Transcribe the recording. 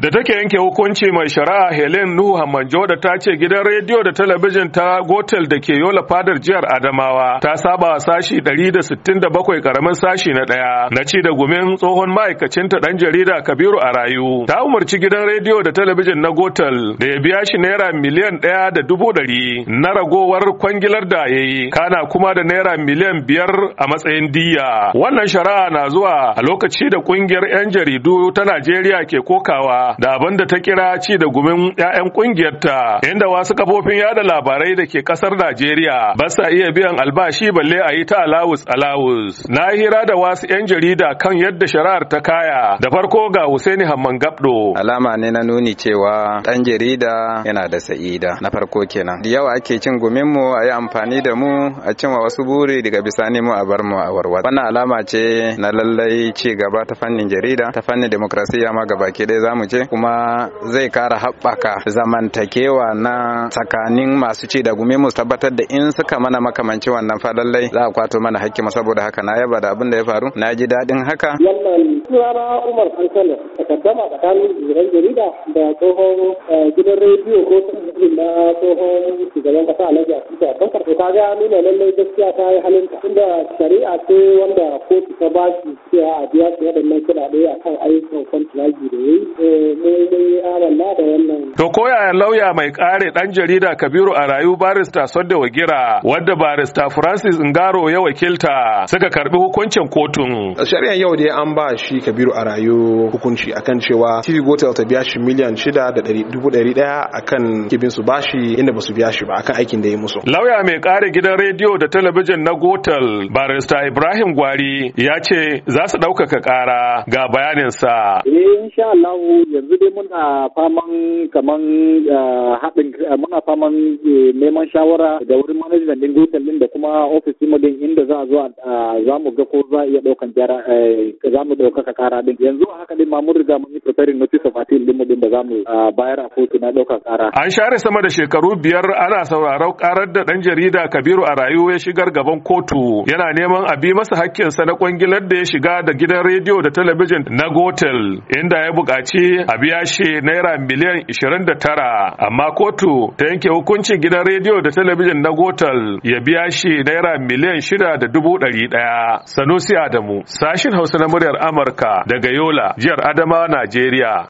Da take yanke hukunci mai shari'a Helen Nuhu Hammanjoda ta ce gidan rediyo da talabijin ta Gotel da ke yola fadar jihar Adamawa ta saba sashi 167 karamin sashi na ɗaya na ci da gumin tsohon ma'aikacin ta ɗan jarida Kabiru a rayu. Ta umarci gidan rediyo da talabijin na Gotel da ya biya shi naira miliyan ɗaya da dubu ɗari na ragowar kwangilar da ya yi kana kuma da naira miliyan biyar a matsayin diya. Wannan shari'a na zuwa a lokaci da ƙungiyar 'yan jaridu ta Najeriya ke kokawa da abin da ta kira ci da gumin 'ya'yan ƙungiyarta inda wasu kafofin yada labarai da ke kasar Najeriya ba sa iya biyan albashi balle a yi ta alawus alawus. Na hira da wasu 'yan jarida kan yadda shari'ar ta kaya da farko ga Husaini Hamman Gabdo. Alama ne na nuni cewa ɗan jarida yana da sa'ida na farko kenan. Da yawa ake cin gumin mu a yi amfani da mu a cimma wasu buri daga bisani mu a bar mu a warwa. Wannan alama ce na lallai ci gaba ta fannin jarida ta fannin demokrasiya ma gabaki ɗaya za mu ce ce kuma zai kara haɓaka zamantakewa na tsakanin masu ci da gumi mu tabbatar da in suka mana makamanci wannan fa za a kwato mana hakki mu saboda haka na yaba da abin da ya faru na ji daɗin haka. Wannan sunana Umar Kankano takaddama tsakanin jiran jarida da tsohon eh, gidan rediyo ko na tsohon shugaban kasa Alhaji Atiku to ka ga nuna lallai gaskiya ta yi halin inda shari'a ce wanda kotu ta ba shi cewa a biya su waɗannan kuɗaɗe a kan ayyukan kwantiragi da yayi mun yi eh, na da wannan. To ko yaya lauya mai kare ɗan jarida Kabiru a rayu barista Sodda Wagira wadda barista Francis Ngaro ya wakilta suka karbi hukuncin kotun. shari'an yau dai an ba shi Kabiru a rayu hukunci akan cewa TV Gotel ta biya shi miliyan shida da dubu ɗari ɗaya akan kibin su bashi inda ba su biya shi ba akan aikin da ya yi musu. Lauya mai mai kare gidan rediyo da talabijin na gotal barista ibrahim gwari ya ce za su ɗaukaka kara ga bayaninsa eh, insha Allah yanzu dai muna faman kaman eh, haɗin eh, muna faman neman shawara da wurin manajan din gotal din da kuma ofis mu din inda za a zo za mu ga ko za a iya ɗaukan gyara za mu ɗaukaka ƙara din yanzu haka din ma mun riga mun yi preparing notice of appeal din mu din da za mu bayar a kotu na ɗaukan kara an share sama da shekaru biyar ana sauraron karar da ɗan jarida jarida kabiru a rayu ya shigar gaban kotu yana neman a bi masa hakkinsa na kwangilar da ya shiga da gidan rediyo da talabijin na gotel inda ya buƙaci a biya shi naira miliyan 29 amma kotu ta yanke hukuncin gidan rediyo da talabijin na gotel ya biya shi naira miliyan shida da dubu ɗari ɗaya sanusi adamu sashin hausa na muryar amurka daga yola jihar adama najeriya